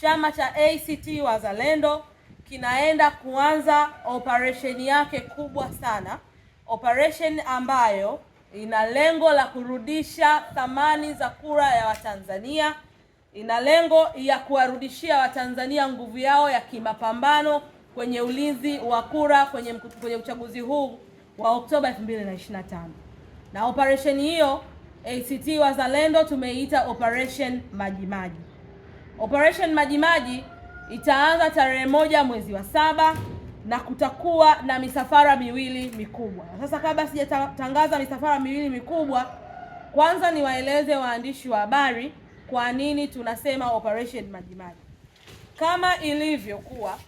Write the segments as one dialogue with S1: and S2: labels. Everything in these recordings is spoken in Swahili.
S1: chama cha ACT Wazalendo kinaenda kuanza operesheni yake kubwa sana, operesheni ambayo ina lengo la kurudisha thamani za kura ya Watanzania, ina lengo ya kuwarudishia Watanzania nguvu yao ya kimapambano kwenye ulinzi wa kura kwenye, kwenye uchaguzi huu wa Oktoba 2025. Na operesheni hiyo ACT Wazalendo tumeiita operation Majimaji. Operation Majimaji itaanza tarehe moja mwezi wa saba na kutakuwa na misafara miwili mikubwa. Sasa kabla sijatangaza misafara miwili mikubwa, kwanza niwaeleze waandishi wa habari kwa nini tunasema Operation Majimaji. Kama ilivyokuwa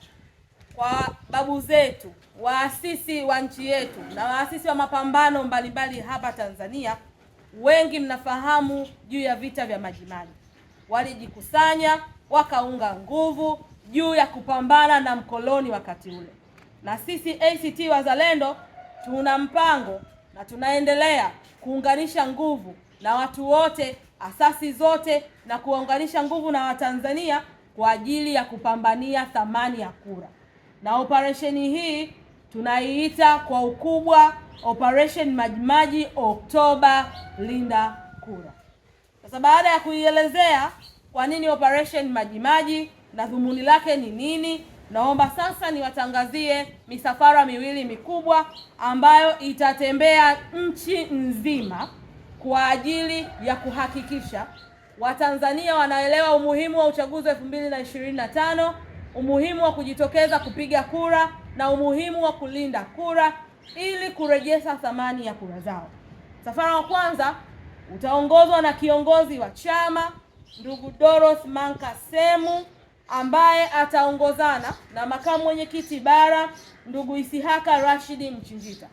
S1: kwa babu zetu waasisi wa nchi yetu na waasisi wa mapambano mbalimbali hapa Tanzania, wengi mnafahamu juu ya vita vya Majimaji walijikusanya wakaunga nguvu juu ya kupambana na mkoloni wakati ule, na sisi ACT Wazalendo tuna mpango na tunaendelea kuunganisha nguvu na watu wote, asasi zote, na kuwaunganisha nguvu na Watanzania kwa ajili ya kupambania thamani ya kura, na operesheni hii tunaiita kwa ukubwa Operation Majimaji Oktoba Linda Kura. Sasa baada ya kuielezea kwa nini operation maji na dhumuni lake ni nini, naomba sasa niwatangazie misafara miwili mikubwa ambayo itatembea nchi nzima kwa ajili ya kuhakikisha Watanzania wanaelewa umuhimu wa uchaguzi wa 2025, umuhimu wa kujitokeza kupiga kura na umuhimu wa kulinda kura ili kurejesha thamani ya kura zao. Safari wa kwanza utaongozwa na kiongozi wa chama ndugu Dorothy Mankasemu ambaye ataongozana na makamu mwenyekiti bara ndugu Isihaka Rashidi Mchinjita.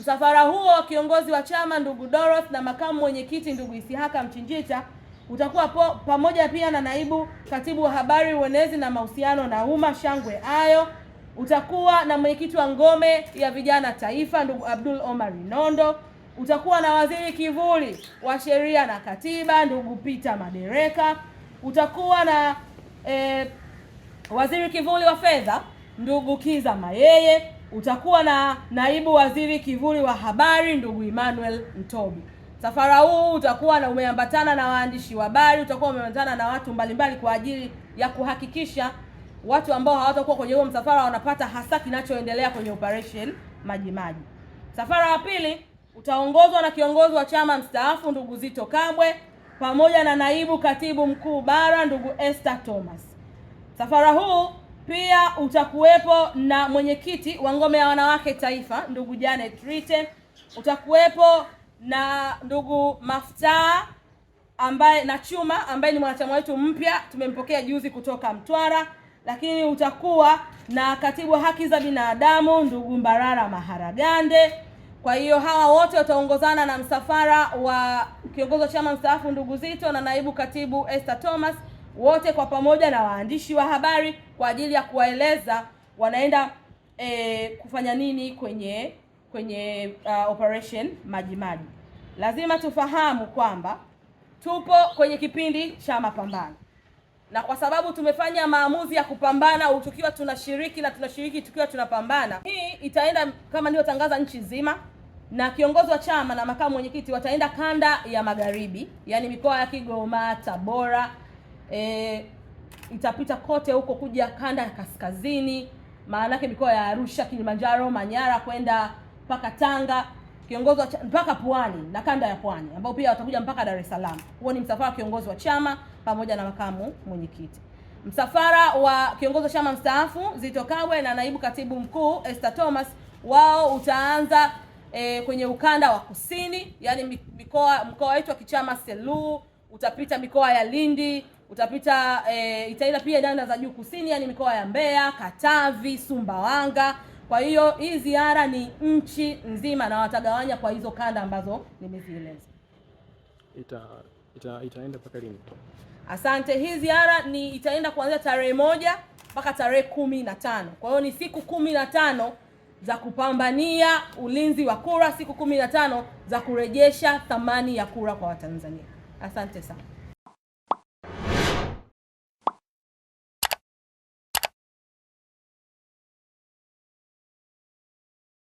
S1: Msafara huo wa kiongozi wa chama ndugu Dorothy na makamu mwenyekiti ndugu Isihaka Mchinjita utakuwa po, pamoja pia na naibu katibu wa habari, uenezi na mahusiano na umma Shangwe Ayo. Utakuwa na mwenyekiti wa ngome ya vijana taifa ndugu Abdul Omar Nondo utakuwa na waziri kivuli wa sheria na katiba, ndugu Peter Madereka. Utakuwa na eh, waziri kivuli wa fedha, ndugu Kiza Mayeye. Utakuwa na naibu waziri kivuli wa habari, ndugu Emmanuel Mtobi. Safara huu utakuwa na umeambatana na waandishi wa habari, utakuwa umeambatana na watu mbalimbali kwa ajili ya kuhakikisha watu ambao hawatakuwa kwenye huo msafara wanapata hasa kinachoendelea kwenye operation Majimaji. Safara ya pili utaongozwa na kiongozi wa chama mstaafu ndugu Zito Kabwe pamoja na naibu katibu mkuu bara ndugu Esther Thomas. Safara huu pia utakuwepo na mwenyekiti wa ngome ya wanawake taifa ndugu Janet Rite, utakuwepo na ndugu Maftaa ambaye na Chuma ambaye ni mwanachama wetu mpya tumempokea juzi kutoka Mtwara, lakini utakuwa na katibu haki za binadamu ndugu Mbarara Maharagande kwa hiyo hawa wote wataongozana na msafara wa kiongozi wa chama mstaafu ndugu Zito na naibu katibu Esther Thomas, wote kwa pamoja na waandishi wa habari kwa ajili ya kuwaeleza wanaenda e, kufanya nini kwenye kwenye uh, operation Maji Maji. Lazima tufahamu kwamba tupo kwenye kipindi cha mapambano, na kwa sababu tumefanya maamuzi ya kupambana tukiwa tunashiriki na tunashiriki tukiwa tunapambana, hii itaenda kama tangaza nchi nzima na kiongozi wa chama na makamu mwenyekiti wataenda kanda ya magharibi, yaani mikoa ya Kigoma, Tabora, e, itapita kote huko kuja kanda ya kaskazini, maana yake mikoa ya Arusha, Kilimanjaro, Manyara kwenda mpaka Tanga, kiongozi wa mpaka Pwani na kanda ya Pwani ambao pia watakuja mpaka Dar es Salaam. Huo ni msafara wa kiongozi wa chama pamoja na makamu mwenyekiti. Msafara wa kiongozi wa chama mstaafu Zitto Kabwe na naibu katibu mkuu Esther Thomas wao utaanza e, kwenye ukanda wa kusini, yani mikoa mkoa wetu wa Kichama Selu, utapita mikoa ya Lindi utapita e, itaenda pia nyanda za juu kusini, yani mikoa ya Mbeya, Katavi, Sumbawanga. Kwa hiyo hii ziara ni nchi nzima na watagawanya kwa hizo kanda ambazo nimezieleza.
S2: ita, ita, itaenda mpaka lini?
S1: Asante. Hii ziara ni itaenda kuanzia tarehe moja mpaka tarehe kumi na tano. Kwa hiyo ni siku kumi na tano za kupambania ulinzi wa kura siku kumi na tano za kurejesha thamani ya kura kwa Watanzania. Asante sana.